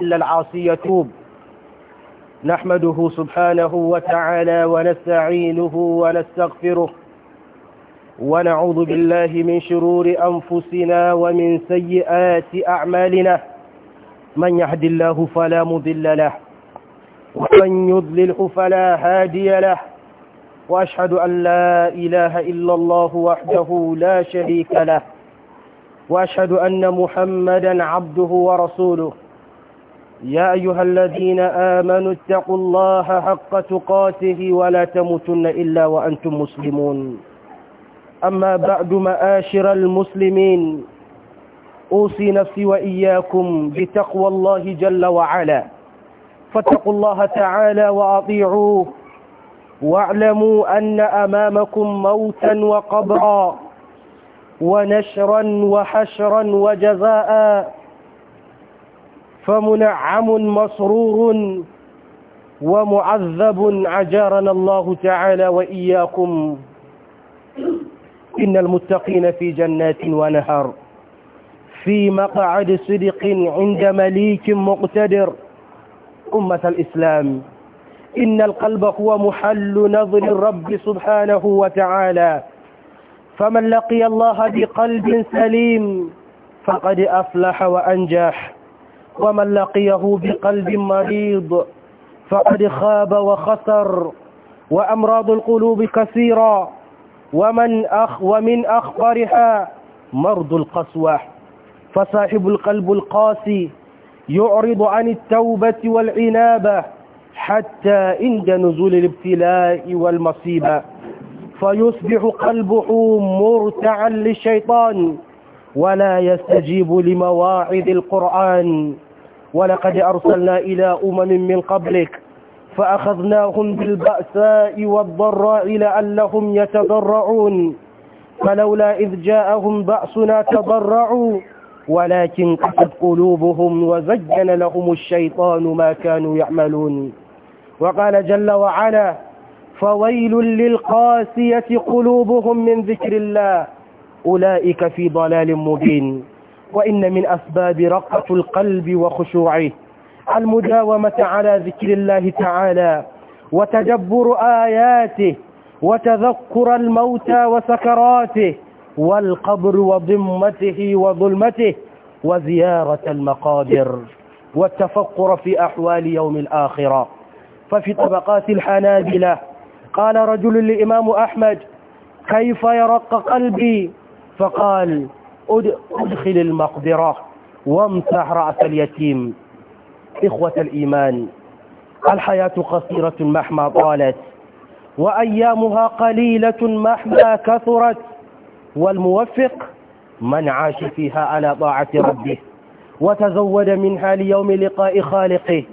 إلا العاصي يتوب نحمده سبحانه وتعالى ونستعينه ونستغفره ونعوذ بالله من شرور أنفسنا ومن سيئات أعمالنا من يهد الله فلا مضل له ومن يضلله فلا هادي له وأشهد أن لا إله إلا الله وحده لا شريك له وأشهد أن محمدا عبده ورسوله يا أيها الذين آمنوا اتقوا الله حق تقاته ولا تموتن إلا وأنتم مسلمون أما بعد مآشر المسلمين أوصي نفسي وإياكم بتقوى الله جل وعلا فاتقوا الله تعالى وأطيعوه واعلموا أن أمامكم موتا وقبرا ونشرا وحشرا وجزاء فمنعم مسرور ومعذب عجارنا الله تعالى وإياكم إن المتقين في جنات ونهر في مقعد صدق عند مليك مقتدر أمة الإسلام إن القلب هو محل نظر الرب سبحانه وتعالى فمن لقي الله بقلب سليم فقد أفلح وأنجح ومن لقيه بقلب مريض فقد خاب وخسر وأمراض القلوب كثيرة ومن أخ ومن أخبرها مرض القسوة فصاحب القلب القاسي يعرض عن التوبة والعنابة حتى عند نزول الابتلاء والمصيبة فيصبح قلبه مرتعا للشيطان ولا يستجيب لمواعظ القرآن ولقد أرسلنا إلى أمم من قبلك فأخذناهم بالبأساء والضراء لعلهم يتضرعون فلولا إذ جاءهم بأسنا تضرعوا ولكن قصد قلوبهم وزين لهم الشيطان ما كانوا يعملون وقال جل وعلا فويل للقاسية قلوبهم من ذكر الله أولئك في ضلال مبين وإن من أسباب رقة القلب وخشوعه المداومة على ذكر الله تعالى وتجبر آياته وتذكر الموتى وسكراته والقبر وضمته وظلمته وزيارة المقابر والتفقر في أحوال يوم الآخرة ففي طبقات الحنابلة قال رجل لإمام أحمد كيف يرق قلبي فقال أدخل المقبرة وامسح رأس اليتيم إخوة الإيمان الحياة قصيرة مهما طالت وأيامها قليلة مهما كثرت والموفق من عاش فيها على طاعة ربه وتزود منها ليوم لقاء خالقه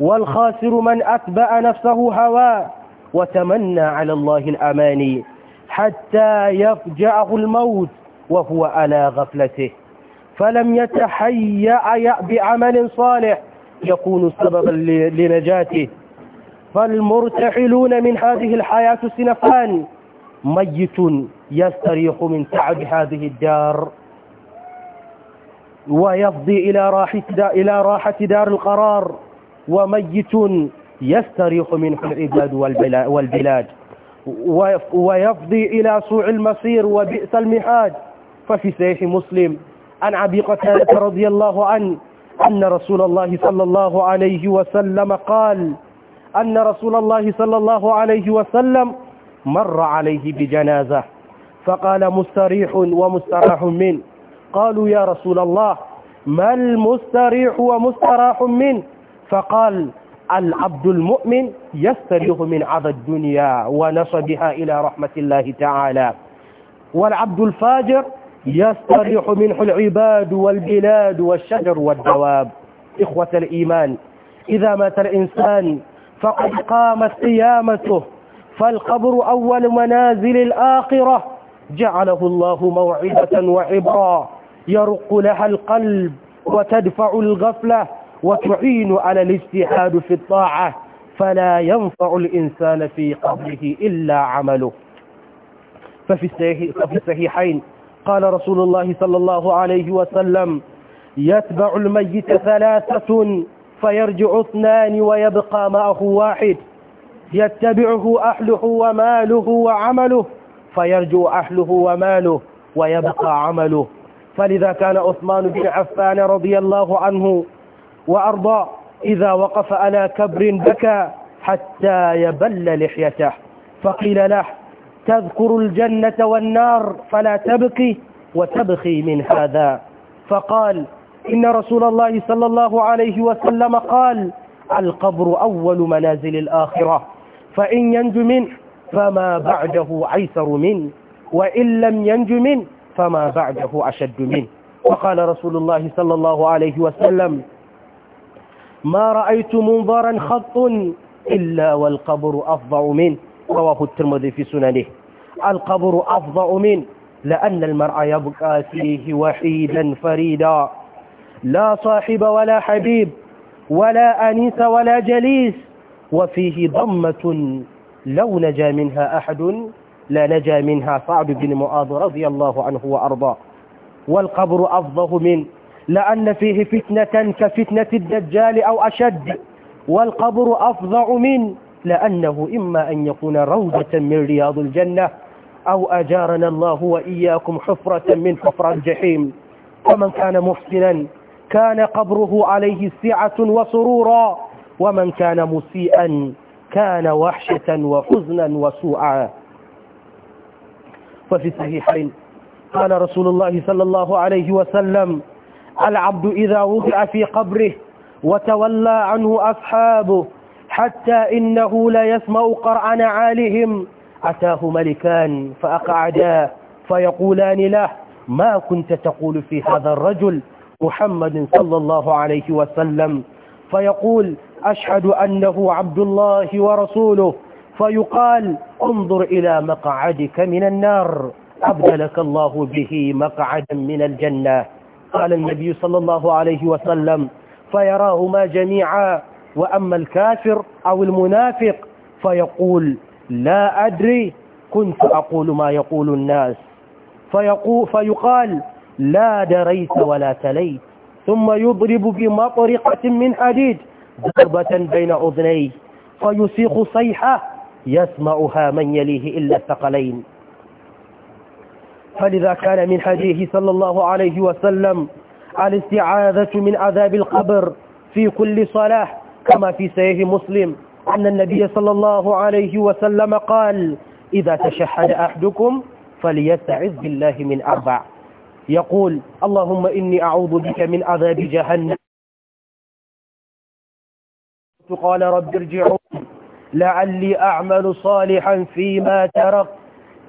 والخاسر من أتبع نفسه هوى وتمنى على الله الأماني حتى يفجعه الموت وهو على غفلته فلم يتحيأ بعمل صالح يكون سببا لنجاته فالمرتحلون من هذه الحياة سنفان ميت يستريح من تعب هذه الدار ويفضي إلى راحة, إلى راحة دار القرار وميت يستريح منه العباد والبلاد ويفضي إلى سوء المصير وبئس المحاج ففي صحيح مسلم عن أبي قتادة رضي الله عنه أن رسول الله صلى الله عليه وسلم قال أن رسول الله صلى الله عليه وسلم مر عليه بجنازة فقال مستريح ومستراح منه قالوا يا رسول الله ما المستريح ومستراح منه فقال العبد المؤمن يستريح من عذى الدنيا ونصبها إلى رحمة الله تعالى والعبد الفاجر يستريح منه العباد والبلاد والشجر والدواب إخوة الإيمان إذا مات الإنسان فقد قامت قيامته فالقبر أول منازل الآخرة جعله الله موعظة وعبرا يرق لها القلب وتدفع الغفلة وتعين على الاجتهاد في الطاعة فلا ينفع الإنسان في قبره إلا عمله ففي الصحيحين قال رسول الله صلى الله عليه وسلم يتبع الميت ثلاثة فيرجع اثنان ويبقى معه واحد يتبعه أهله وماله وعمله فيرجع أهله وماله ويبقى عمله فلذا كان عثمان بن عفان رضي الله عنه وأرضاه إذا وقف على كبر بكى حتى يبل لحيته فقيل له تذكر الجنة والنار فلا تبكي وتبخي من هذا فقال إن رسول الله صلى الله عليه وسلم قال القبر أول منازل الآخرة فإن ينج منه فما بعده عيسر منه وإن لم ينج منه فما بعده أشد منه وقال رسول الله صلى الله عليه وسلم ما رأيت منظرا خط إلا والقبر أفضع منه رواه الترمذي في سننه القبر أفضع من لأن المرء يبقى فيه وحيدا فريدا لا صاحب ولا حبيب ولا أنيس ولا جليس وفيه ضمة لو نجا منها أحد لا نجا منها صعب بن معاذ رضي الله عنه وأرضاه والقبر أفضه من لأن فيه فتنة كفتنة الدجال أو أشد والقبر أفظع من لأنه إما أن يكون روضة من رياض الجنة أو أجارنا الله وإياكم حفرة من حفر الجحيم ومن كان محسنا كان قبره عليه سعة وسرورا ومن كان مسيئا كان وحشة وحزنا وسوءا وفي الصحيحين قال رسول الله صلى الله عليه وسلم العبد إذا وضع في قبره وتولى عنه أصحابه حتى إنه لا يسمع قرع نعالهم أتاه ملكان فأقعدا فيقولان له ما كنت تقول في هذا الرجل محمد صلى الله عليه وسلم فيقول أشهد أنه عبد الله ورسوله فيقال انظر إلى مقعدك من النار أبدلك الله به مقعدا من الجنة قال النبي صلى الله عليه وسلم فيراهما جميعا وأما الكافر أو المنافق فيقول لا أدري كنت أقول ما يقول الناس فيقول فيقال لا دريت ولا تليت ثم يضرب بمطرقة من حديد ضربة بين أذنيه فيصيخ صيحة يسمعها من يليه إلا الثقلين فلذا كان من حديث صلى الله عليه وسلم الاستعاذة من عذاب القبر في كل صلاة كما في سيه مسلم أن النبي صلى الله عليه وسلم قال إذا تشهد أحدكم فليستعذ بالله من أربع يقول اللهم إني أعوذ بك من عذاب جهنم قال رب ارجعون لعلي أعمل صالحا فيما ترك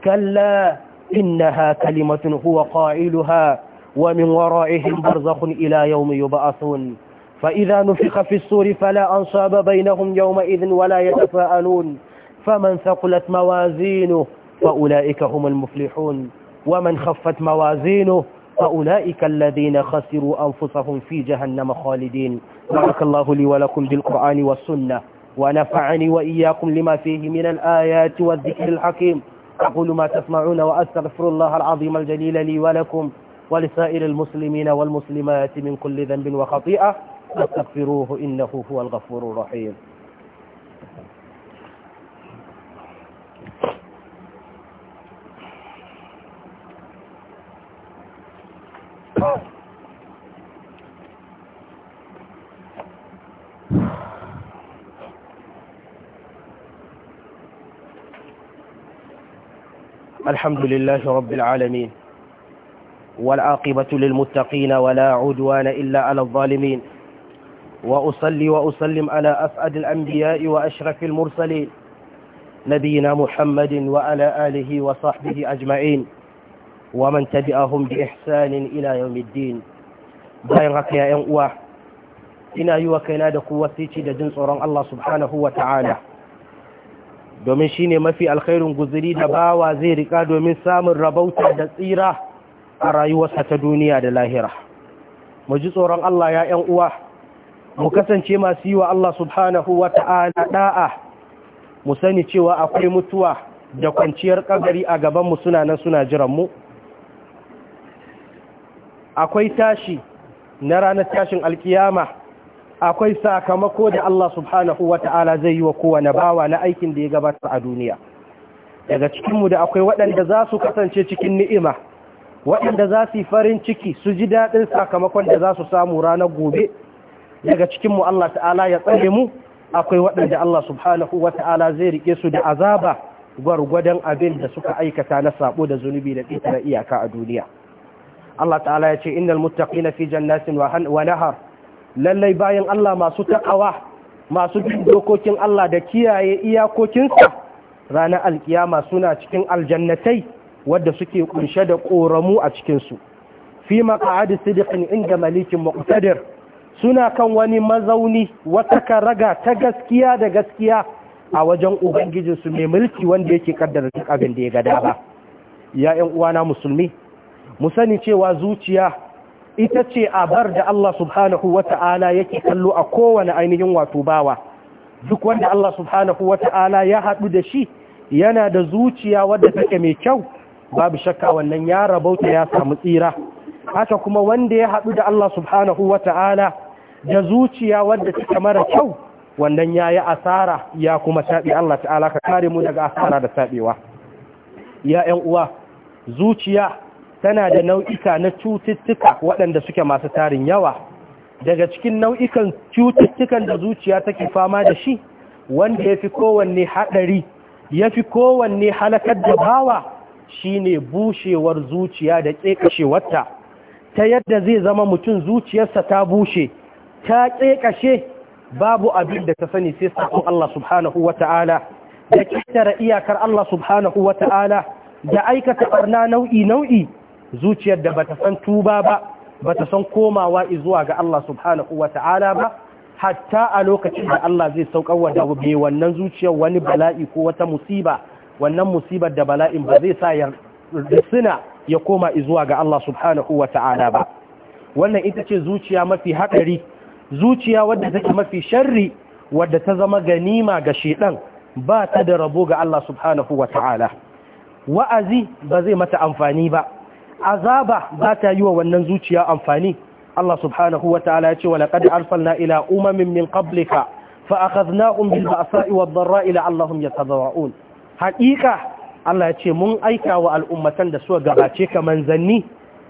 كلا إنها كلمة هو قائلها ومن ورائهم برزخ إلى يوم يبعثون فإذا نفخ في الصور فلا أنصاب بينهم يومئذ ولا يتفاءلون فمن ثقلت موازينه فأولئك هم المفلحون ومن خفت موازينه فأولئك الذين خسروا أنفسهم في جهنم خالدين بارك الله لي ولكم بالقرآن والسنة ونفعني وإياكم لما فيه من الآيات والذكر الحكيم أقول ما تسمعون وأستغفر الله العظيم الجليل لي ولكم ولسائر المسلمين والمسلمات من كل ذنب وخطيئة فاستغفروه إنه هو الغفور الرحيم الحمد لله رب العالمين والعاقبة للمتقين ولا عدوان إلا على الظالمين وأصلي وأسلم على أسعد الأنبياء وأشرف المرسلين نبينا محمد وعلى آله وصحبه أجمعين ومن تبعهم بإحسان إلى يوم الدين بايرك يا أنقوى ina yi wa kaina da ku wasici da jin tsoron Allah subhanahu wa ta'ala domin shi ne mafi alkhairun guziri da bawa zai rika domin samun rabauta da tsira a rayuwarsa ta duniya da lahira mu ji tsoron Allah ya ‘yan uwa mu kasance masu yi wa Allah subhanahu wa ta'ala da'a mu sani cewa akwai mutuwa da kwanciyar kabari a gabanmu suna nan suna jiranmu akwai tashi na ranar tashin alkiyama akwai sakamako da Allah subhanahu wa ta'ala zai yi wa kowane bawa na aikin da ya gabata a duniya daga cikinmu da akwai waɗanda za su kasance cikin ni'ima waɗanda za su yi farin ciki su ji daɗin sakamakon da za su samu ranar gobe daga cikinmu Allah ta'ala ya tsare mu akwai waɗanda Allah subhanahu wa ta'ala zai rike su da azaba gwargwadon abin da suka aikata na sabo da zunubi da ƙetare iyaka a duniya Allah ta'ala ya ce innal muttaqina fi jannatin wa nahar lallai bayan Allah masu takawa masu bin dokokin Allah da kiyaye iyakokinsa ranar alkiyama suna cikin aljannatai wadda suke kunshe da ƙoramu a cikinsu fi maq'adi sidqin inda malikin muqtadir suna kan wani mazauni wata karaga ta gaskiya da gaskiya a wajen ubangijinsu mai mulki wanda yake kaddara duk abin da ya gada ba ya uwana musulmi mu sani cewa zuciya ita ce abar da Allah subhanahu wa ta'ala yake kallo a kowane ainihin wato bawa duk wanda Allah subhanahu wa ta'ala ya haɗu da shi yana da zuciya wadda take mai kyau babu shakka wannan ya rabauta ya samu tsira haka kuma wanda ya haɗu da Allah subhanahu wa ta'ala da zuciya wadda take mara kyau wannan ya yi asara ya kuma taɓi Allah ta'ala ka kare mu daga asara da taɓewa. ya ‘yan uwa zuciya tana da nau'ika na cututtuka waɗanda suke masu tarin yawa daga cikin nau'ikan cututtukan da zuciya take fama da shi wanda ya fi kowanne haɗari ya fi kowanne halakar da bawa shine bushewar zuciya da ƙeƙashewarta ta yadda zai zama mutum zuciyarsa ta bushe ta ƙashe babu abin da ta sani sai sakon Allah subhanahu wa ta'ala da ƙetare iyakar Allah subhanahu wa ta'ala da aikata barna nau'i nau'i zuciyar da bata san tuba ba bata san komawa zuwa ga Allah subhanahu wa ta'ala ba hatta a lokacin da Allah zai saukar wa da wannan zuciyar wani bala'i ko wata musiba wannan musibar da bala'in ba zai sa ya suna ya koma izuwa ga Allah subhanahu wa ta'ala ba wannan ita ce zuciya mafi haɗari zuciya wadda take mafi sharri wadda ta zama ganima ga shedan ba ta da rabo ga Allah subhanahu wa ta'ala wa'azi ba zai mata amfani ba azaba ba ta yi wa wannan zuciya amfani Allah subhanahu wa ta'ala ya ce wa laqad arsalna ila umamin min qablika fa akhadnahum bil ba'sa'i wad dharra'i la'allahum yatadarra'un haqiqa Allah ya ce mun aika wa al'ummatan da suka gabace ka manzanni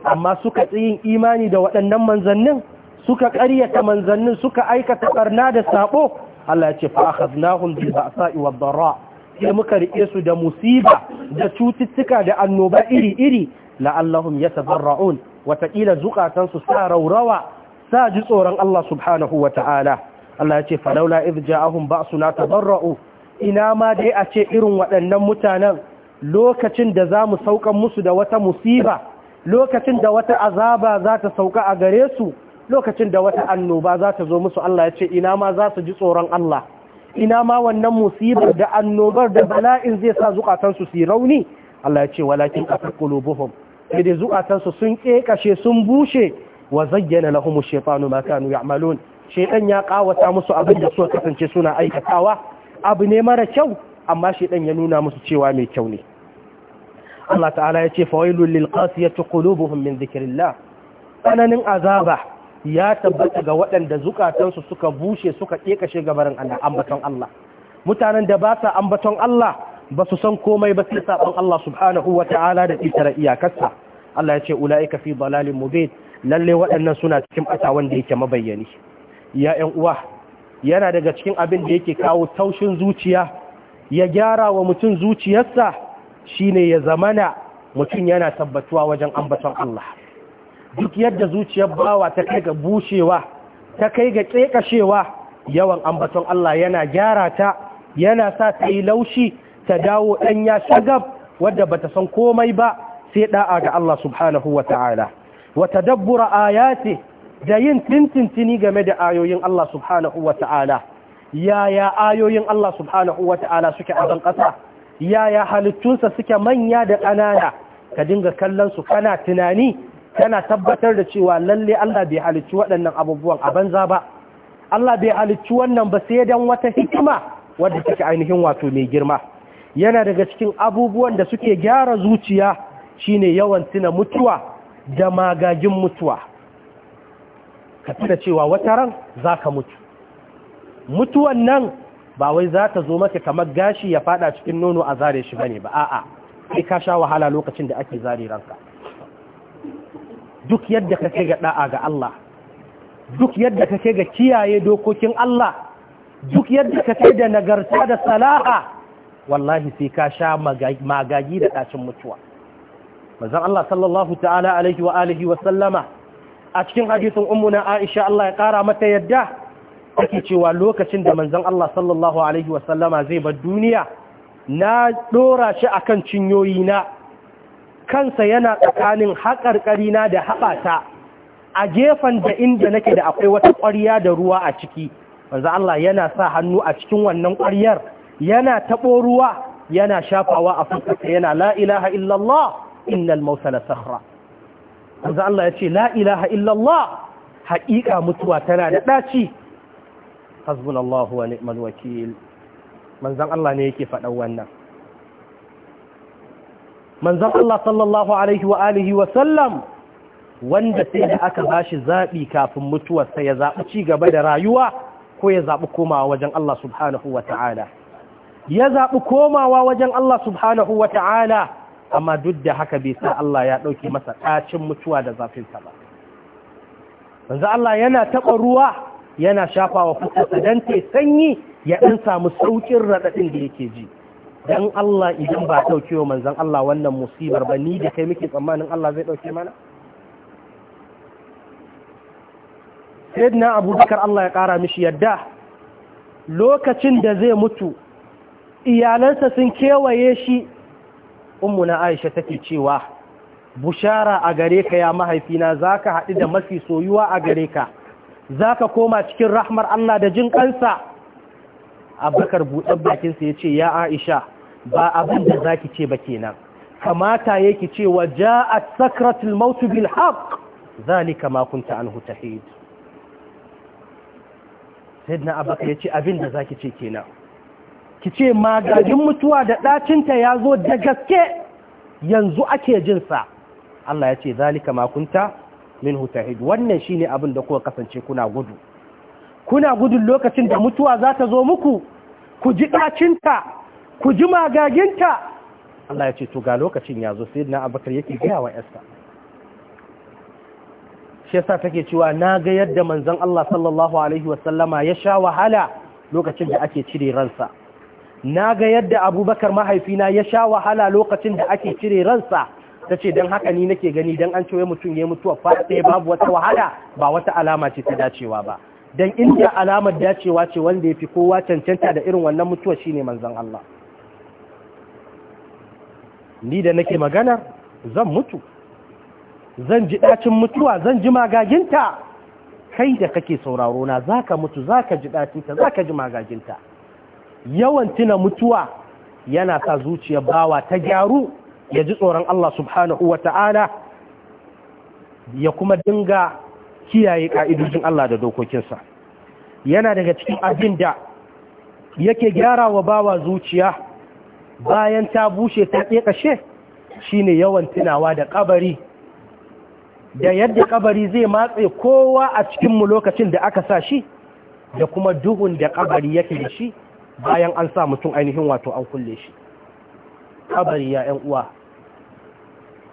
amma suka tsayin imani da waɗannan manzannin suka ƙaryata manzannin suka aikata ɓarna da saɓo Allah ya ce fa'akhadnahum bil ba'sa'i wad dharra sai muka riƙe su da musiba da cututtuka da annoba iri-iri ya yatadarra'un wataƙila zukatan su sa raurawa sa ji tsoron Allah subhanahu wata'ala Allah ya ce falaula idh ja'ahum ba'suna tadarra'u ina ma dai a ce irin waɗannan mutanen lokacin da za mu saukan musu da wata musiba lokacin da wata azaba za ta sauka a gare su lokacin da wata annoba za ta zo musu Allah ya ce ina ma za su ji tsoron Allah ina ma wannan musibar da annobar da bala'in zai sa zukatansu su rauni Allah ya ce walakin qulubuhum sai zukatansu sun kekashe sun bushe wa zayyana lahum ash-shaytanu ma kanu ya'malun shaytan ya kawata musu abin da suka kasance suna aikatawa abu ne mara kyau amma shaytan ya nuna musu cewa mai kyau ne Allah ta'ala ya ce fawailul lil qulubuhum min dhikrillah tsananin azaba ya tabbata ga waɗanda zukatansu suka bushe suka ƙeƙashe gabarin Allah ambaton Allah mutanen da ba sa ambaton Allah ba su san komai ba sai saɓon Allah subhanahu wa ta'ala da ƙetare iyakarsa Allah ya ce ula'ika fi dalalin mubin lalle waɗannan suna cikin ɓata wanda yake mabayyani ya ƴan uwa yana daga cikin abin da yake kawo taushin zuciya ya gyara wa mutum zuciyarsa shine ya zamana mutum yana tabbatuwa wajen ambaton Allah duk yadda zuciyar bawa ta kai ga bushewa ta kai ga ƙeƙashewa yawan ambaton Allah yana gyara ta yana sa ta yi laushi ta dawo ɗanya shagab wadda bata san komai ba sai da'a ga Allah subhanahu wa ta'ala wa tadabbura ayati da yin tintintini game da ayoyin Allah subhanahu wa ta'ala yaya ayoyin Allah subhanahu wa ta'ala suke a ƙasa yaya halittunsa suke manya da ƙanana ka dinga kallon su kana tunani tana tabbatar da cewa lalle Allah bai halicci waɗannan abubuwan a banza ba Allah bai halicci wannan ba sai dan wata hikima wadda take ainihin wato mai girma yana daga cikin abubuwan da suke gyara zuciya shine yawan tuna mutuwa da magagin mutuwa ka tuna cewa wata ran zaka mutu mutuwan nan ba wai za ta zo maka kamar gashi ya fada cikin nono a zare shi bane ba a'a sai ka sha wahala lokacin da ake zare ranka duk yadda kake ga da'a ga Allah duk yadda kake ga kiyaye dokokin Allah duk yadda kake da nagarta da salaha wallahi sai ka sha magagi da ɗacin mutuwa manzon Allah sallallahu ta'ala alaihi wa alihi wa sallama a cikin hadisin ummuna Aisha Allah ya ƙara mata yadda ake cewa lokacin da manzon Allah sallallahu alaihi wa sallama zai bar duniya na dora shi akan cinyoyi na kansa yana tsakanin haƙarƙarina da haɓata a gefen da inda nake da akwai wata ƙwariya da ruwa a ciki wanzu Allah yana sa hannu a cikin wannan ƙwariyar yana taɓo ruwa yana shafawa a fuskarsa yana la'ilaha ilaha illallah innal mausala sahra wanzu Allah ya ce la'ilaha illallah haƙiƙa mutuwa tana da ɗaci hasbunallahu wa ni'mal wakil manzan Allah ne yake faɗan wannan manzan Allah sallallahu alaihi wa alihi wanda sai da aka bashi zaɓi kafin mutuwarsa ya zaɓi ci gaba da rayuwa ko ya zabi komawa wajen Allah subhanahu wa ta'ala ya zaɓi komawa wajen Allah subhanahu wa ta'ala amma duk da haka bai sa Allah ya ɗauki masa ɗacin mutuwa da zafin ba manzon Allah yana taɓa ruwa yana shafawa fuskarsa don ta sanyi ya ɗan samu saukin raɗaɗin da yake ji dan Allah idan ba dauke wa manzon Allah wannan musibar ba ni da kai muke tsammanin Allah zai dauke mana Sayyidina Abu Bakar Allah ya kara mishi yadda lokacin da zai mutu iyalansa sun kewaye shi na Aisha take cewa bushara a gare ka ya mahaifina zaka haɗu da mafi soyuwa a gare ka zaka koma cikin rahmar Allah da jin kansa abubakar buɗe bakinsa ya ce ya aisha ba abin da ki ce ba kenan kamata wa ja a sakratul maut bil ni zalika ma kunta anhu na sayyidina ya ce abin da ki ce kenan ki ce magagin mutuwa da ɗacinta ya zo da gaske yanzu ake jin sa Allah yace kun ta min huta haid wannan shine abin da kuka kasance kuna gudu kuna gudun lokacin da mutuwa za ta zo muku ku ji ɗacinta? ku ji magaginta Allah ya ce to ga lokacin ya zo sai na abakar yake gaya wa yasta shi yasa take cewa na ga yadda manzon Allah sallallahu alaihi wasallama ya sha wahala lokacin da ake cire ransa na ga yadda abubakar mahaifina ya sha wahala lokacin da ake cire ransa ta ce don haka ni nake gani don an cewa mutum ya mutuwa fata babu wata wahala ba wata alama ce ta dacewa ba don inda alamar dacewa ce wanda ya fi kowa cancanta da irin wannan mutuwa shine manzon Allah ni da nake magana zan mutu zan ji ɗacin mutuwa zan ji magaginta kai da kake sauraro na zaka mutu zaka ji ɗacinta zaka ji magaginta yawan tuna mutuwa yana sa zuciyar bawa ta gyaru ya ji tsoron Allah subhanahu wa ya kuma dinga kiyaye ƙa'idojin Allah da dokokinsa yana daga cikin abin da yake gyara wa bawa zuciya bayan ta bushe ta ƙeƙashe ne yawan tunawa da ƙabari da yadda ƙabari zai matse kowa a cikinmu lokacin da aka sa shi da kuma duhun da ƙabari yake da shi bayan an sa mutum ainihin wato an kulle shi ƙabari ya ‘yan uwa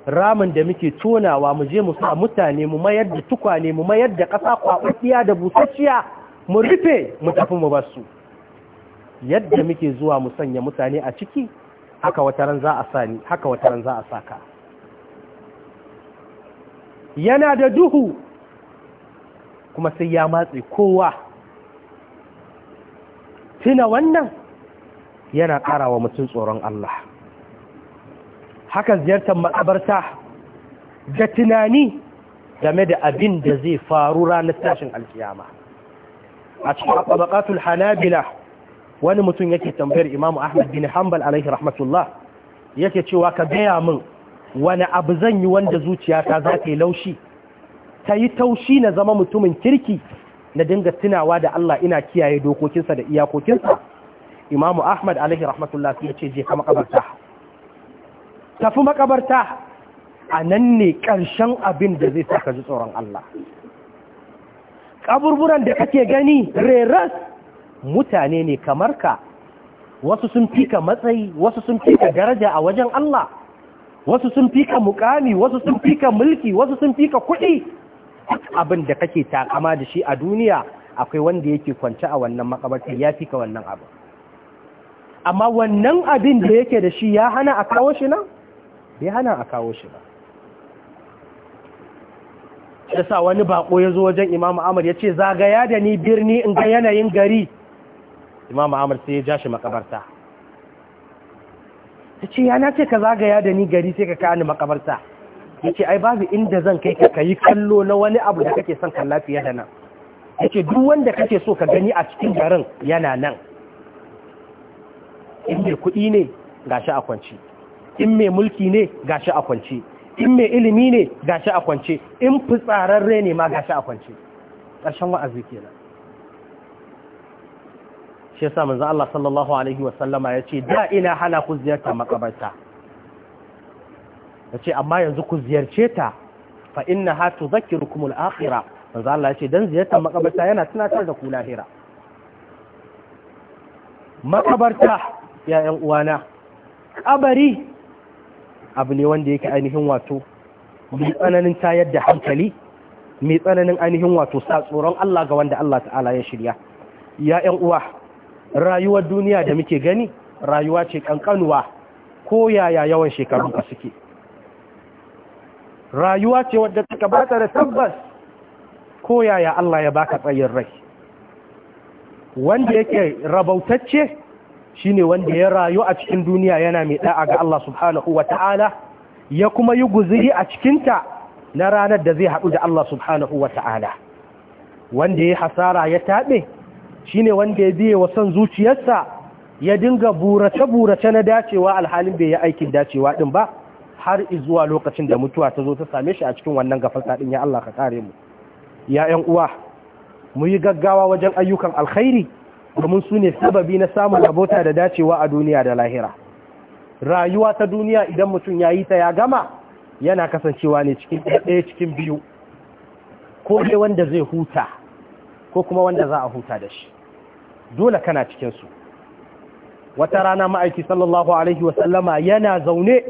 ramin da muke tonawa mu je mu sa mutane mu mayar da tukwane mu mayar da ƙasa kwaɓaɓɓiya da busasshiya mu rufe mu tafi mu basu yadda muke zuwa mu sanya mutane a ciki haka wataran za a sani haka wataran za a saka yana da duhu kuma sai ya matse kowa Tina wannan yana ƙara wa mutum tsoron Allah haka ziyartar makabarta da tunani game da abin da zai faru ranar tashin alkiyama a cikin abubakatul hanabila wani mutum yake tambayar imamu ahmad bin hanbal alaihi rahmatullah yake cewa ka gaya min wani abu zan yi wanda zuciyata za ta yi laushi ta yi taushi na zama mutumin kirki na dinga tunawa da Allah ina kiyaye dokokinsa da iyakokinsa imamu ahmad alaihi rahmatullah ya ce je ka makabarta tafi makabarta a nan ne ƙarshen abin da zai saka ji tsoron Allah ƙaburburan da kake gani reras mutane ne kamar ka wasu sun fi ka matsayi wasu sun fi ka daraja a wajen Allah wasu sun fi ka mukami wasu sun fi ka mulki wasu sun fi ka kuɗi abin da kake takama da shi a duniya akwai wanda yake kwance a wannan makabarta ya fi ka wannan abu amma wannan abin da yake da shi ya hana a kawo shi nan bai hana a kawo shi ba ya sa wani bako ya zo wajen imamu amur ya ce zagaya da ni birni in ga yanayin gari imamu amur sai ya ja makabarta ta ce yana ce ka zagaya da ni gari sai ka kani makabarta ya ce ai babu inda zan kai ka kayi kallo na wani abu da kake son kalla fiye da nan ya ce duk wanda kake so ka gani a cikin garin yana nan in mai kuɗi ne gashi a kwanci in mai mulki ne gashi a kwanci in mai ilimi ne gashi a kwance in fitsararre ne ma gashi a kwance ƙarshen wa'azi kenan shi yasa manzo Allah sallallahu alaihi wa sallama yace da ina hana ku ziyarta makabarta yace amma yanzu ku ziyarce ta fa ha tudhakkirukum al akhira manzo Allah yace dan ziyarta makabarta yana tunatar da ku lahira makabarta ya ƴan uwana kabari abu ne wanda yake ainihin wato mai tsananin tayar da hankali mai tsananin ainihin wato sa tsoron Allah ga wanda Allah ta'ala ya shirya ya ƴan uwa rayuwar duniya da muke gani rayuwa ce kankanuwa ko yaya yawan shekaru ka suke rayuwa ce wadda ta bata da tabbas ko yaya Allah ya baka tsayin rai wanda yake rabautacce shine wanda ya rayu a cikin duniya yana mai ɗa'a ga Allah subhanahu wata'ala ya kuma yi guziri a cikinta na ranar da zai haɗu da Allah subhanahu wata'ala wanda ya hasara ya taɓe Shi ne wanda ya biye wa son zuciyarsa ya dinga burace-burace na dacewa alhalin bai yi aikin dacewa din ba har zuwa lokacin da mutuwa ta zo ta same shi a cikin wannan gafasa din ya Allah ka kare mu ya ƴan uwa mu yi gaggawa wajen ayyukan alkhairi domin su ne sababi na samun abota da dacewa a duniya da lahira rayuwa ta duniya idan mutum ya yi ta ya gama yana kasancewa ne cikin ɗaya cikin biyu ko dai wanda zai huta ko kuma wanda za a huta da shi dole kana cikinsu wata rana ma'aiki sallallahu alaihi wasallama yana zaune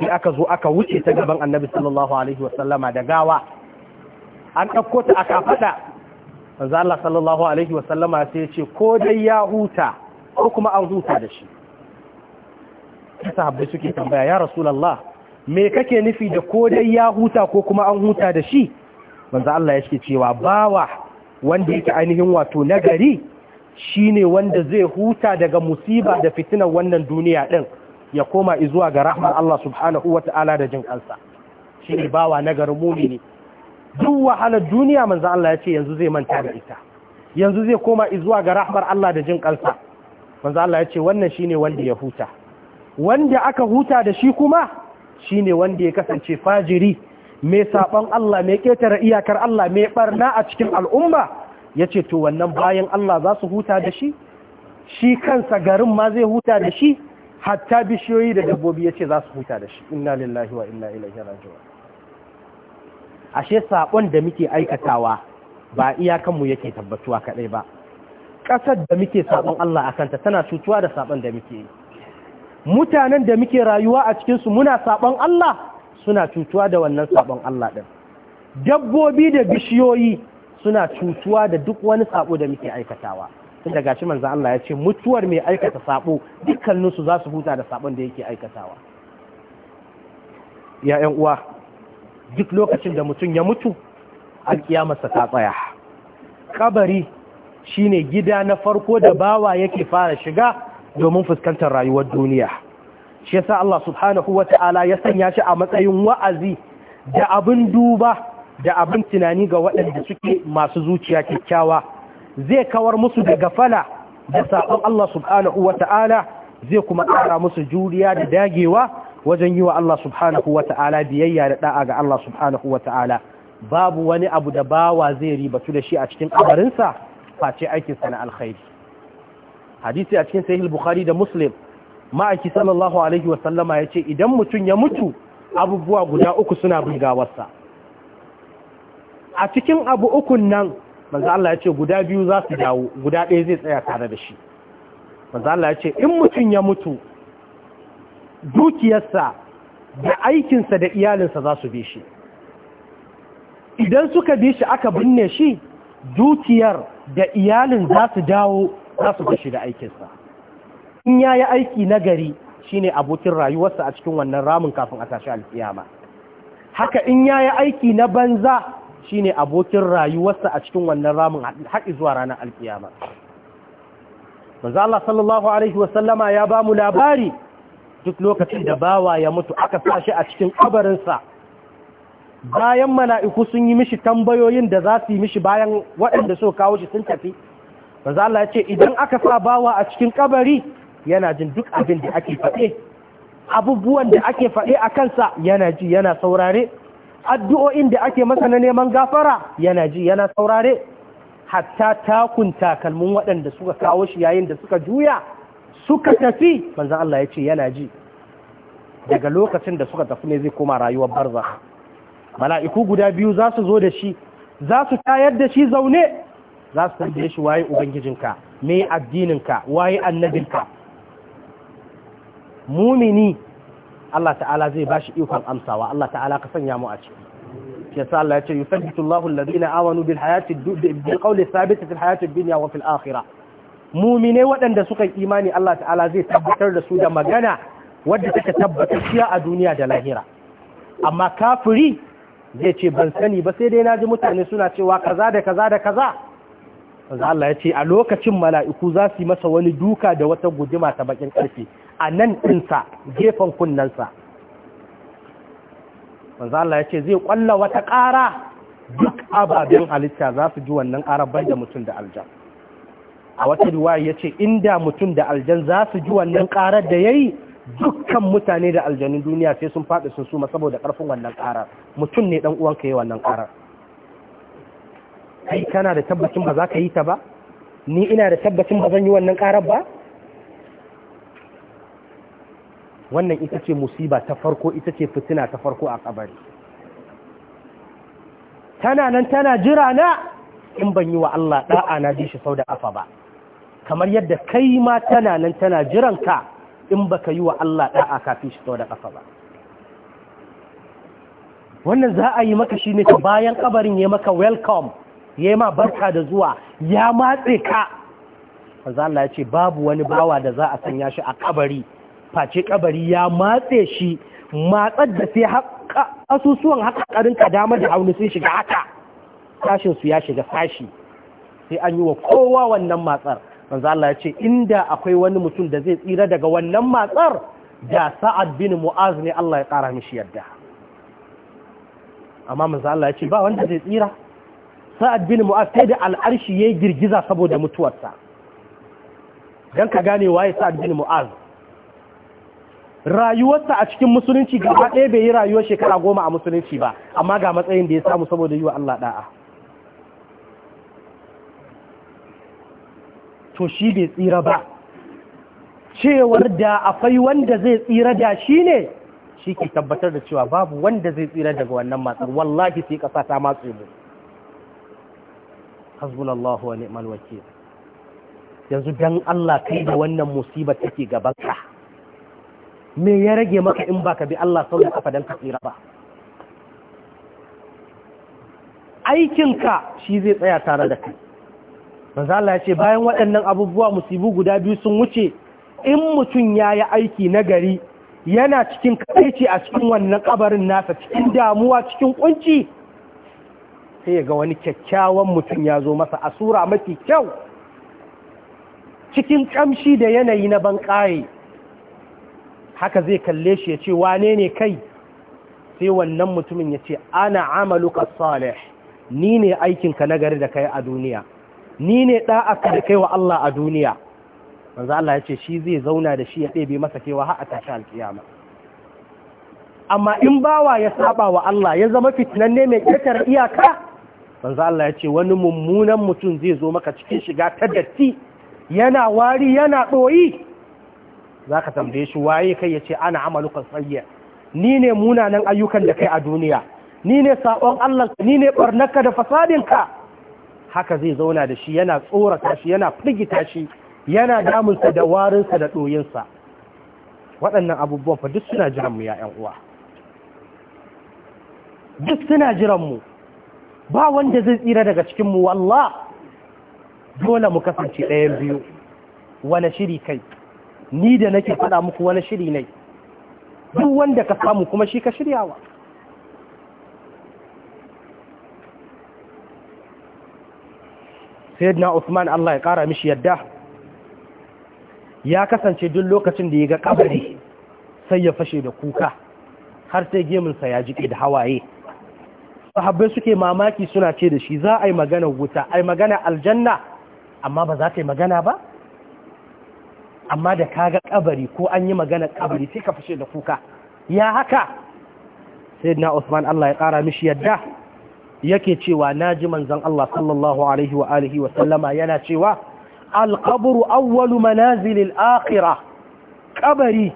sai aka zo aka wuce ta gaban annabi sallallahu alaihi wasallama da gawa an ɗauko ta aka faɗa manzo Allah sallallahu alaihi wasallama sai ya ce ko dai ya huta ko kuma an huta da shi sahabbai suke tambaya ya rasulullah me kake nufi da ko dai ya huta ko kuma an huta da shi manzo Allah ya yake cewa bawa wanda yake ainihin wato nagari ne wanda zai huta daga musiba da fitinar wannan duniya din ya koma izuwa ga rahmar Allah subhanahu wata'ala da jin kansa ne bawa na garin ne. duk wahalar duniya manzo Allah ya ce yanzu zai manta da ita yanzu zai koma izuwa ga rahmar Allah da jin kansa manzo Allah ya ce wannan ne wanda ya huta wanda aka huta da shi kuma shine wanda ya kasance fajiri mai saɓon Allah mai ƙetare iyakar Allah mai ɓarna a cikin al'umma ya ce to wannan bayan Allah za su huta da shi shi kansa garin ma zai huta da shi hatta bishiyoyi da dabbobi ya ce za su huta da shi inna lillahi wa inna ilaihi raji'un ashe sabon da muke aikatawa ba iyakanmu yake tabbatuwa kadai ba ƙasar da muke sabon Allah a kanta tana cutuwa da sabon da muke yi mutanen da muke rayuwa a cikinsu muna sabon Allah suna cutuwa da wannan sabon Allah ɗin dabbobi da bishiyoyi suna cutuwa da duk wani sabo da muke aikatawa tun daga shi manzo Allah ya ce mutuwar mai aikata sabo dukkanin su za su huta da sabon da yake aikatawa ya ƴan uwa duk lokacin da mutum ya mutu alkiyamarsa ta tsaya kabari shine gida na farko da bawa yake fara shiga domin fuskantar rayuwar duniya shi yasa Allah subhanahu ta'ala ya sanya shi a matsayin wa'azi da abin duba da abin tunani ga waɗanda suke masu zuciya kyakkyawa zai kawar musu da gafala da saƙon Allah subhanahu wa ta'ala zai kuma ƙara musu juriya da dagewa wajen yi wa Allah subhanahu wa ta'ala biyayya da ɗa'a ga Allah subhanahu wa ta'ala babu wani abu da bawa zai ribatu da shi a cikin ƙabarinsa face aikinsa na alkhairi hadisi a cikin sahih bukhari da muslim ma'aiki sallallahu alaihi wa sallama ya ce idan mutum ya mutu abubuwa guda uku suna bin sa a cikin abu ukun nan manzo Allah ya ce guda biyu za su dawo guda ɗaya zai tsaya tare da shi manzo Allah ya ce in mutum ya mutu dukiyarsa da aikinsa da iyalinsa za su bi shi idan suka bi shi aka binne shi dukiyar da iyalin za su dawo za su gashi da aikinsa in ya yi aiki na gari shine abokin rayuwarsa a cikin wannan ramin kafin a tashi alkiyama haka in ya yi aiki na banza Shi ne abokin rayuwarsa a cikin wannan ramin haɗi zuwa ranar alkiyama manzo Allah sallallahu alaihi wasallama ya ba mu labari duk lokacin da bawa ya mutu aka sa shi a cikin kabarinsa bayan mala'iku sun yi mishi tambayoyin da za su yi mishi bayan waɗanda so kawo shi sun tafi manzo Allah ya ce idan aka sa bawa a cikin kabari yana jin duk abin da ake faɗe abubuwan da ake faɗe a kansa yana ji yana saurare addu'o'in da ake masa na neman gafara yana ji yana saurare hatta takun takalmin waɗanda suka kawo shi yayin da suka juya suka tafi manzan Allah ya ce yana ji daga lokacin da suka tafi ne zai koma rayuwar barza mala'iku guda biyu za su zo da shi za su tayar da shi zaune za su tambaye shi waye ubangijinka me addininka waye annabinka mumini Allah ta'ala zai bashi ikon amsawa Allah ta'ala ka sanya mu a ciki yasa Allah ya ce yusabbitu Allahu alladhina amanu bil hayati bil qawli thabit fil hayati dunya wa fil akhirah mu'mine waɗanda suka yi imani Allah ta'ala zai tabbatar da su da magana wadda take tabbatar shi a duniya da lahira amma kafiri zai ce ban sani ba sai dai naji mutane suna cewa kaza da kaza da kaza Allah ya ce a lokacin mala'iku za su yi masa wani duka da wata guduma ta bakin karfe a nan ɗinsa gefen kunnensa Wanzu Allah ya ce zai ƙwallo wata ƙara duk ababen halitta za su ji wannan ƙarar da mutum da aljan a wata riwaya ya ce inda mutum da aljan za su ji wannan ƙarar da ya yi dukkan mutane da aljanin duniya sai sun faɗi sun suma saboda ƙarfin wannan ƙarar mutum ne ɗan uwanka yi wannan ƙarar kai kana da tabbacin ba za ka yi ta ba ni ina da tabbacin ba zan yi wannan ƙarar ba wannan ita ce musiba ta farko ita ce fitina ta farko a kabari tana nan tana jira na in ban yi wa Allah da'a na ji shi sau da afa ba kamar yadda kai ma tana nan tana jiran ka in baka yi wa Allah da'a kafin shi sau da afa ba wannan za a yi maka shi ne bayan kabarin ya maka welcome ya ma barka da zuwa ya matse ka manzo Allah ya ce babu wani bawa da za a sanya shi a kabari face kabari ya matse shi matsar da sai asusuwan ƙarin ka dama da hauni sun shiga haka sashin su ya shiga sashi sai an yi wa kowa wannan matsar manzo Allah ya ce inda akwai wani mutum da zai tsira daga wannan matsar da Sa'ad bin Mu'az ne Allah ya ƙara mishi yadda amma manzo Allah ya ce ba wanda zai tsira Sa'ad bin Mu'az sai da al'arshi yayi girgiza saboda mutuwarsa Don ka gane waye Sa'ad bin Mu'az rayuwarsa a cikin musulunci gaba ɗaya bai yi rayuwar shekara goma a musulunci ba amma ga matsayin da ya samu saboda yi wa Allah ɗa'a to shi bai tsira ba cewar da akwai wanda zai tsira da shi ne shi ke tabbatar da cewa babu wanda zai tsira daga wannan matsar wallahi sai ƙasa ta matse mu hasbunallahu wa ni'mal wakil yanzu dan Allah kai da wannan musibar take gaban ka me ya rage maka in baka bi Allah sau da kafa don ba aikinka shi zai tsaya tare da kai manzo ya ce bayan waɗannan abubuwa musibu guda biyu sun wuce in mutum ya yi aiki na gari yana cikin kaici a cikin wannan kabarin nasa cikin damuwa cikin ƙunci. sai ga wani kyakkyawan mutum ya zo masa a sura mafi kyau cikin ƙamshi da yanayi na banƙaye haka zai kalle shi ya ce wane ne kai sai wannan mutumin ya ce ana ka salih ni ne aikinka na gari da kai a duniya ni ne ɗa'aka da kai wa Allah a duniya wanzu Allah ya ce shi zai zauna da shi ya ɗebe masa kewa ha a tashi alkiyama amma in bawa ya saba wa Allah ya zama ne mai ƙetar iyaka wanzu Allah ya ce wani mummunan mutum zai zo maka cikin shiga ta datti yana wari yana ɗoyi za ka tambaye shi waye kai ya ce ana amalukan tsayyar ni ne munanan ayyukan da kai a duniya ni ne saƙon Allah ni ne barnaka da fasadinka haka zai zauna da shi yana tsorata shi yana firgita shi yana damunsa da warinsa da ɗoyinsa waɗannan abubuwan fa duk suna jiran mu ya'yan uwa duk suna jiran mu ba wanda zai tsira daga cikin mu wallah dole mu kasance ɗayan biyu wani shiri kai ni da nake faɗa muku wani shiri ne duk wanda ka samu kuma shi ka shiryawa sayyidina Usman Allah ya kara mishi yadda ya kasance duk lokacin da ya ga kabari sai ya fashe da kuka har sai sa ya jiƙe da hawaye sahabbai suke mamaki suna ce da shi za a yi magana wuta a yi magana aljanna amma ba za ta yi magana ba amma da kaga kabari ko an yi magana kabari sai ka fashe da kuka ya haka sayyidina Usman Allah ya kara mishi yadda yake cewa naji manzon Allah sallallahu alaihi wa alihi wa sallama yana cewa al-qabru awwalu manazil al-akhirah kabari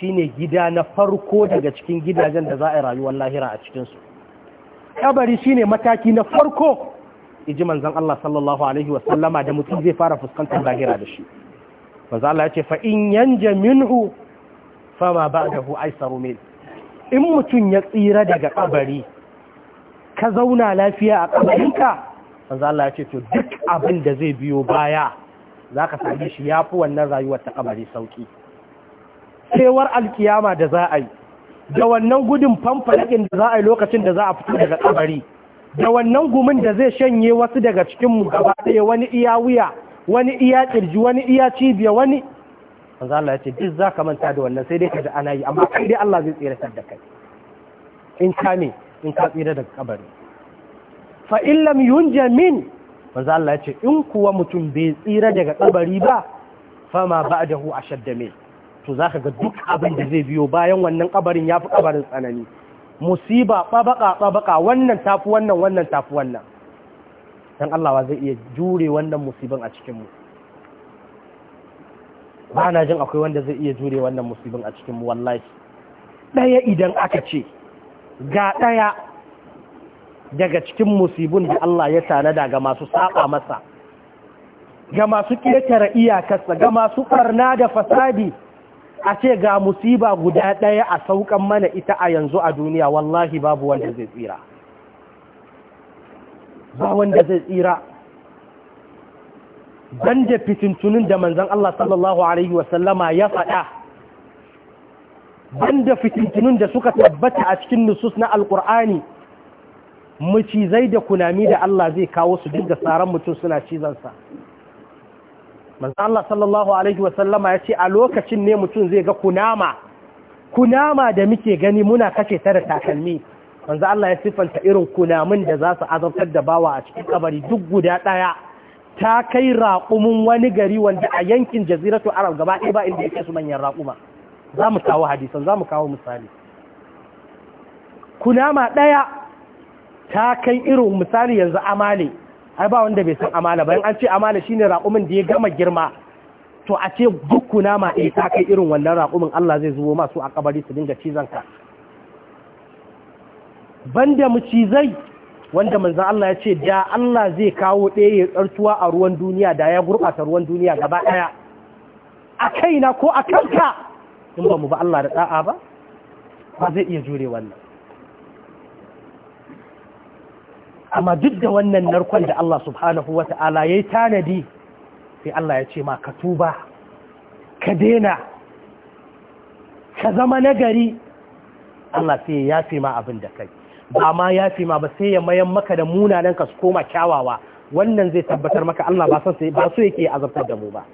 shine gida na farko daga cikin gidajen da za a rayuwar lahira a cikin su kabari shine mataki na farko iji manzon Allah sallallahu alaihi wa sallama da mutum zai fara fuskantar lahira da shi maza Allah ya ce fa in minhu fama ba da hu aisaru min in mutum ya tsira daga kabari ka zauna lafiya a kabarinka maza Allah ya ce to duk abin da zai biyo baya za ka sami shi fi wannan rayuwar ta kabari sauki sewar alkiyama da za a yi da wannan gudun famfalakin da za a yi lokacin da za a fito daga kabari da wannan gumin da zai shanye wasu daga cikinmu gaba ɗaya wani iya wuya wani iya kirji wani iya cibiya wani manzo Allah ya ce duk ka manta da wannan sai dai ka ji ana yi amma kai dai Allah zai tsiratar da kai in ka ne in ka tsira daga kabari fa in lam yunja min manzo Allah ya ce in kuwa mutum bai tsira daga kabari ba fama ba'dahu ashadda min to zaka ga duk abin da zai biyo bayan wannan kabarin yafi kabarin tsanani musiba babaka babaka wannan tafi wannan wannan tafi wannan dan Allah zai iya jure wannan musibin a cikin mu ba na jin akwai wanda zai iya jure wannan musibin a cikin mu wallahi ɗaya idan aka ce ga ɗaya daga cikin musibin da Allah ya tanada ga masu saba masa ga masu ƙetare iyakarsa ga masu ƙarna da fasadi a ce ga musiba guda ɗaya a saukan mana ita a yanzu a duniya wallahi babu wanda zai tsira ba wanda zai tsira banda fitintunin da manzan Allah sallallahu Alaihi wasallama ya faɗa banda fitintunin da suka tabbata a cikin nusus na Alƙur'ani, macizai da kunami da Allah zai kawo su duk da tsaron mutum suna cizansa manzan Allah sallallahu Alaihi wasallama ya ce a lokacin ne mutum zai ga kunama kunama da muke gani muna kashe ta da takalmi manzo Allah ya siffanta irin kunamin da za su azabtar da bawa a cikin kabari duk guda ɗaya ta kai raƙumin wani gari wanda a yankin jaziratu arab gaba ɗaya ba inda yake su manyan raƙuma za mu kawo hadisan za mu kawo misali kunama ɗaya ta kai irin misali yanzu amale ai ba wanda bai san amala bayan an ce amala shine raƙumin da ya gama girma to a ce duk kunama ɗaya ta kai irin wannan raƙumin Allah zai zubo masu a kabari su dinga cizon ka banda macizai wanda manzan Allah ya ce da Allah zai kawo ɗaya ya tsartuwa a ruwan duniya da ya gurɓata ruwan duniya gaba ɗaya a kaina ko a kanka in ba mu ba Allah da ɗa'a ba ba zai iya jure wannan amma duk da wannan narkon da Allah subhanahu wa ta'ala ya yi tanadi sai Allah ya ce ma ka tuba ka dena ka zama nagari Allah sai ya yafe ma abin da kai ba ma ya fi ma ba sai ya mayan maka da munanan ka su koma kyawawa wannan zai tabbatar maka Allah ba san sai ba so yake azabtar da mu ba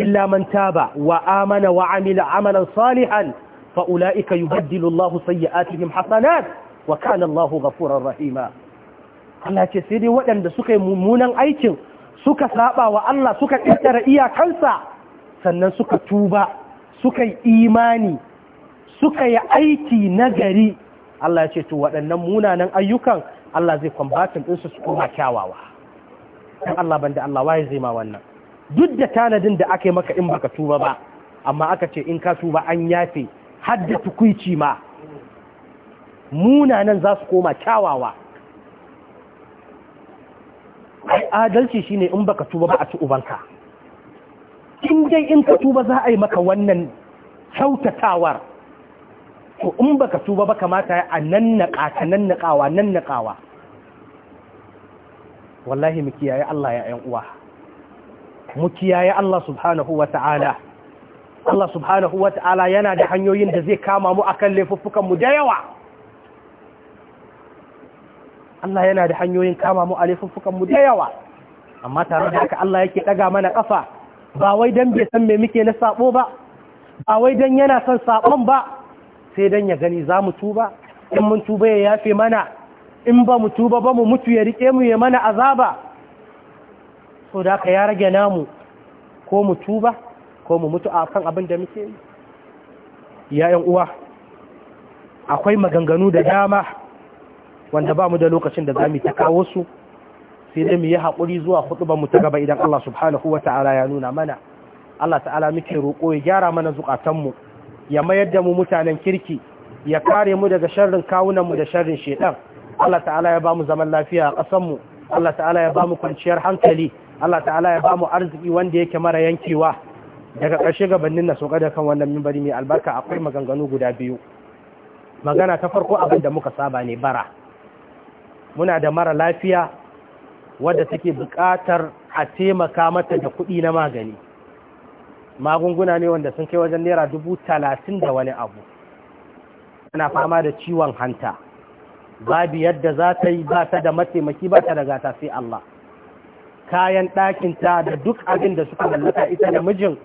illa man taba wa amana wa amila amalan salihan fa ulaika yubaddilu Allahu sayyi'atihim hasanat wa kana Allahu ghafurar rahima Allah ce sai dai waɗanda suka yi mummunan aikin suka saba wa Allah suka ƙirƙira iyakansa sannan suka tuba suka yi imani suka yi aiki nagari Allah ya ce to waɗannan munanan ayyukan Allah zai kwambatin ɗinsu su koma kyawawa Ɗan Allah ban da Allah waye zai ma wannan duk da tanadin da aka yi maka in baka tuba ba amma aka ce in ka tuba an yafe har da tukuici ma munanan za su koma kyawawa ai adalci shine in baka tuba ba a ci ubanka in dai in ka tuba za a yi maka wannan kyautatawar to in baka tuba ba kamata a nannaka ka nannakawa nannakawa wallahi mu kiyaye Allah ya ƴan uwa mu kiyaye Allah subhanahu wata'ala Allah subhanahu wata'ala yana da hanyoyin da zai kama mu akan laifuffukan mu da yawa Allah yana da hanyoyin kama mu a laifuffukan mu da yawa amma tare da haka Allah yake daga mana kafa ba wai dan bai san me muke na sabo ba A wai dan yana son sabon ba sai dan ya gani za mu tuba in mun tuba ya yafe mana in ba mu tuba ba mu mutu ya rike mu ya mana azaba so da aka ya rage namu ko mu tuba ko mu mutu a kan abin da muke yi yayan uwa akwai maganganu da dama wanda ba mu da lokacin da za mu ta kawo su sai dai mu yi haƙuri zuwa huɗuban mu ta gaba idan Allah subhanahu wa ta'ala ya nuna mana Allah ta'ala muke roƙo ya gyara mana zukatanmu ya mayar da mu mutanen kirki ya kare mu daga sharrin kawunan mu da sharrin shedan Allah ta'ala ya ba mu zaman lafiya a mu. Allah ta'ala ya ba mu kwanciyar hankali Allah ta'ala ya ba mu arziki wanda yake mara yankewa daga ƙarshe gabanin na soka da kan wannan mimbari mai albarka akwai maganganu guda biyu magana ta farko abin da muka saba ne bara muna da mara lafiya wadda take buƙatar a taimaka mata da kuɗi na magani magunguna ne wanda sun kai wajen naira dubu talatin da wani abu ana fama da ciwon hanta babu yadda za ta yi ba ta da mataimaki ba ta daga ta sai Allah kayan ɗakinta da duk abin da suka mallaka ita da mijin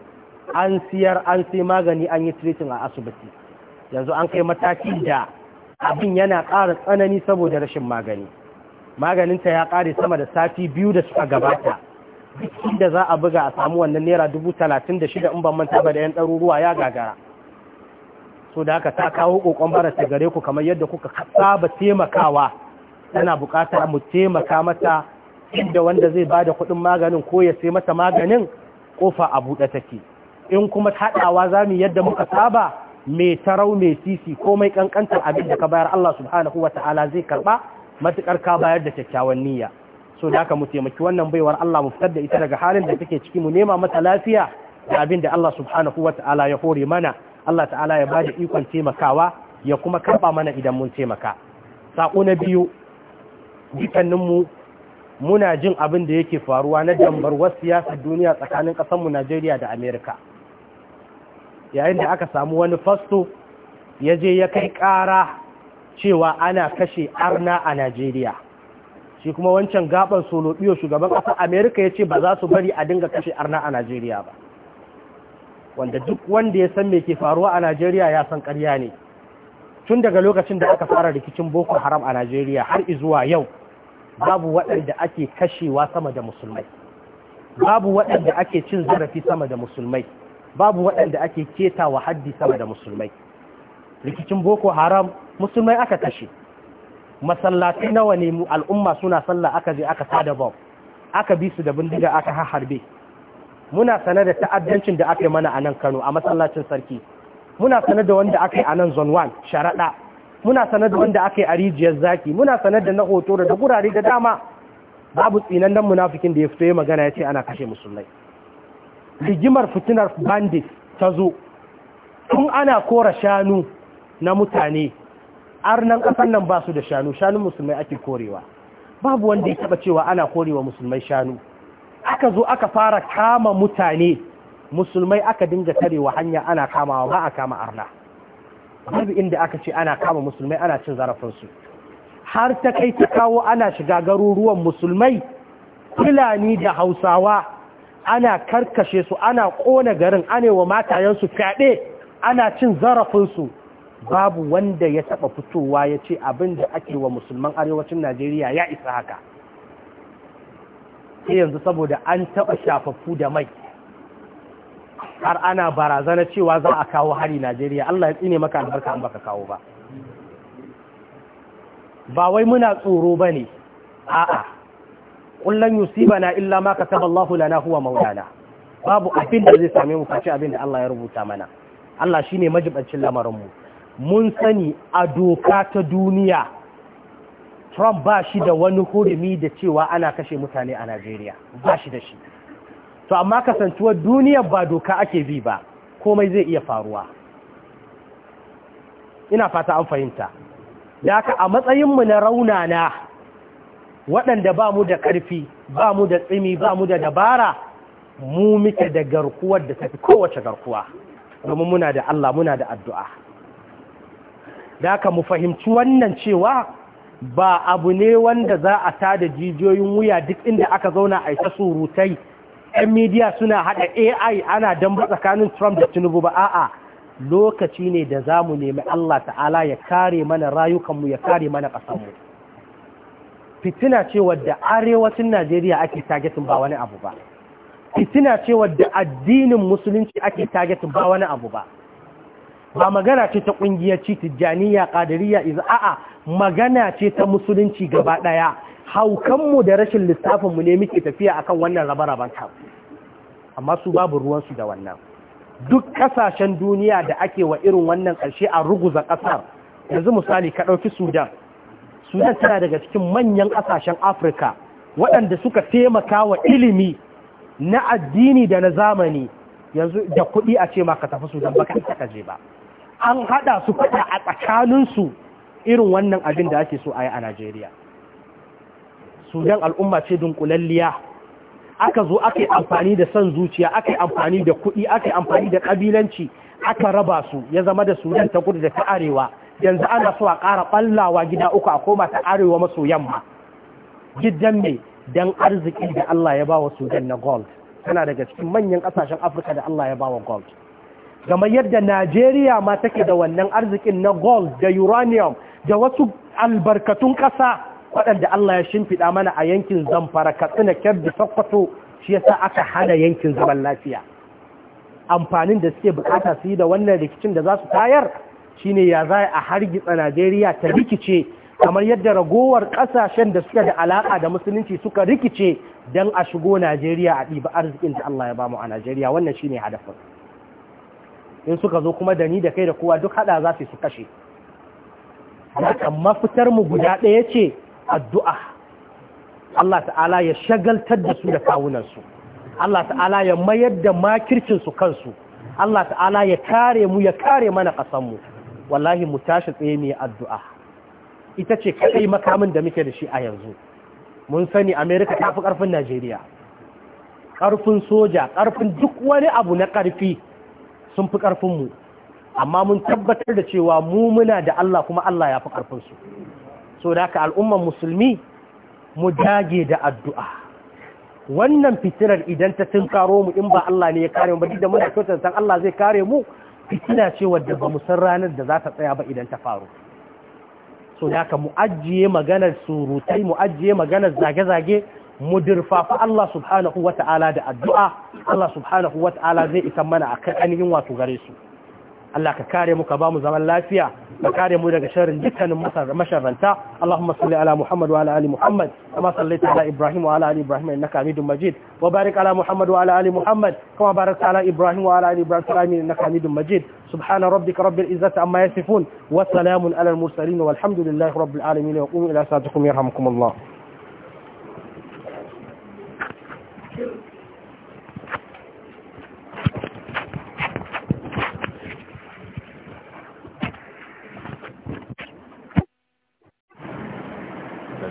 an siyar an sai magani an yi treating a asibiti yanzu an kai mataki da abin yana ƙara tsanani saboda rashin magani maganinta ya ƙare sama da sati biyu da suka gabata inda za a buga a samu wannan naira dubu talatin da shida in ban manta ba da yan ɗaruruwa ya gagara so da haka ta kawo ƙoƙon bara ta gare ku kamar yadda kuka saba taimakawa tana buƙatar mu taimaka mata inda wanda zai ba da kuɗin maganin ko ya sai mata maganin ƙofa a buɗe take in kuma haɗawa za mu yadda muka saba mai tarau mai sisi komai ƙanƙantar abin da ka bayar Allah subhanahu wa ta'ala zai karɓa matuƙar ka bayar da kyakkyawan niyya so da aka mu taimaki wannan baiwar Allah mu fitar da ita daga halin da take ciki mu nema mata lafiya da abin da Allah subhanahu wa ta'ala ya hore mana Allah ta'ala ya bada ikon taimakawa ya kuma karba mana idan mun taimaka sako na biyu mu muna jin abin da yake faruwa na dambarwar siyasar duniya tsakanin mu Najeriya da Amerika yayin da aka samu wani fasto ya je ya kai ƙara cewa ana kashe arna a Najeriya shi kuma wancan gaban solobiyo shugaban ƙasar amerika ya ce ba za su bari a dinga kashe arna a najeriya ba wanda duk wanda ya san me ke faruwa a najeriya ya san karya ne tun daga lokacin da aka fara rikicin boko haram a najeriya har izuwa yau babu waɗanda ake kashewa sama da musulmai babu waɗanda ake cin zarafi sama da musulmai babu waɗanda ake keta wa haddi sama da musulmai rikicin boko haram musulmai aka kashe masallatai nawa ne mu al'umma suna sallah aka je aka sada bom aka bi su da bindiga aka harbe muna sane da ta'addancin da aka yi mana a nan Kano a masallacin sarki muna sane da wanda aka yi a nan zone 1 sharaɗa muna sane da wanda aka yi a rijiyar zaki muna sane da na hoto da gurare da dama babu tsinannen munafikin da ya fito ya magana ya ce ana kashe musulmai rigimar fitinar bandit ta zo tun ana kora shanu na mutane arnan ƙasar nan ba su da shanu shanun musulmai ake korewa babu wanda ya taɓa cewa ana korewa musulmai shanu aka zo aka fara kama mutane musulmai aka dinga tarewa hanya ana kamawa ba a kama arna babu inda aka ce ana kama musulmai ana cin zarafinsu har ta kai ta kawo ana shiga garuruwan musulmai fulani da hausawa ana karkashe su ana kona garin anewa matayensu fyaɗe ana cin zarafinsu babu wanda ya taba fitowa ya ce abin da ake wa musulman arewacin najeriya ya isa haka sai yanzu saboda an taɓa shafaffu da mai har ana barazana cewa za a kawo hari najeriya allah ya tsine maka albarka an baka kawo ba ba wai muna tsoro ba ne a'a kullum Yusufa na illa ma kataba allahu lana huwa maulana babu abin da zai same mu face abin da allah ya rubuta mana allah shine majibancin lamarinmu mun sani a doka ta duniya trump ba shi da wani hurumi da cewa ana kashe mutane a najeriya ba shi da shi to amma kasantuwar duniya ba doka ake bi ba komai zai iya faruwa ina fata an fahimta da ka a matsayinmu na raunana waɗanda ba mu da ƙarfi ba mu da tsimi ba mu da dabara mu muke da garkuwar da tafi kowace garkuwa domin muna da Allah muna da addu'a da aka mu fahimci wannan cewa ba abu ne wanda za a ta da jijiyoyin wuya duk inda aka zauna a isa surutai yan midiya suna hada ai ana damba tsakanin trump da tinubu ba a'a lokaci ne da za mu nemi allah ta'ala ya kare mana rayukanmu ya kare mana ƙasarmu. fitina ce wadda arewacin najeriya ake tagetin ba wani abu ba fitina ce wadda addinin musulunci ake tagetin ba wani abu ba ba magana ce ta ƙungiyarci tijjaniya ƙadiriya iza a'a magana ce ta musulunci gaba ɗaya haukanmu da rashin lissafinmu ne muke tafiya akan wannan rabe-raben ta amma su babu ruwansu da wannan duk ƙasashen duniya da ake wa irin wannan ƙarshe a ruguza ƙasar yanzu misali ka ɗauki sudan sudan tana daga cikin manyan ƙasashen afirka waɗanda suka taimaka wa ilimi na addini da na zamani yanzu da kuɗi a ce ma ka tafi sudan ba ka je ba an haɗa su faɗa a tsakaninsu irin wannan abin da ake so a yi a Najeriya. Sudan al'umma ce dunkulalliya, aka zo ake amfani da son zuciya, ake amfani da kuɗi, ake amfani da ƙabilanci, aka raba su ya zama da Sudan ta gudu da ta arewa, yanzu ana so a ƙara ɓallawa gida uku a koma ta arewa maso yamma. Gidan ne don arziki da Allah ya ba wa Sudan na gold, tana daga cikin manyan ƙasashen Afirka da Allah ya ba wa gold. game yadda Najeriya ma take da wannan arzikin na gold da uranium da wasu albarkatun ƙasa waɗanda Allah ya shimfiɗa mana a yankin zamfara katsina kyar da sokoto shi yasa aka hana yankin zaman lafiya amfanin da suke bukata su yi da wannan rikicin da za su tayar shine ya za a hargitsa Najeriya ta rikice kamar yadda ragowar ƙasashen da suka da alaƙa da musulunci suka rikice don a shigo Najeriya a ɗiba arzikin da Allah ya bamu a Najeriya wannan shine hadafin in suka zo kuma da ni da kai da kowa duk hada za su su kashe haka mafitar mu guda ɗaya ce addu'a Allah ta'ala ya shagaltar da su da kawunansu Allah ta'ala ya mayar da makircinsu kansu Allah ta'ala ya kare mu ya kare mana ƙasanmu wallahi mu tashi tsaye mai addu'a ita ce kaɗai makamin da muke da shi a yanzu mun sani amerika ta fi ƙarfin najeriya ƙarfin soja ƙarfin duk wani abu na ƙarfi sun fi ƙarfinmu amma mun tabbatar da cewa mu muna da Allah kuma Allah ya fi ƙarfinsu so da haka al'umman musulmi mu dage da addu'a wannan fitinar idan ta karo mu in ba Allah ne ya kare mu ba duk da muna kyautar san Allah zai kare mu fitina ce wadda ba mu san ranar da za ta tsaya ba idan ta faru so da haka mu ajiye maganar surutai mu ajiye maganar zage-zage mu dirfafa Allah subhanahu wa ta'ala da addu'a Allah subhanahu wa ta'ala zai isa mana a kan ainihin wato gare su Allah ka kare mu ka ba mu zaman lafiya ka kare mu daga sharrin dukkanin masharranta Allahumma salli ala Muhammad wa ala ali Muhammad kama sallaita ala Ibrahim wa ala ali Ibrahim na Hamidum Majid wa barik ala Muhammad wa ala ali Muhammad kama barakta ala Ibrahim wa ala ali Ibrahim innaka Hamidum Majid سبحان ربك رب العزة عما يصفون وسلام على المرسلين والحمد لله رب wa وقوموا ila صلاتكم يرحمكم الله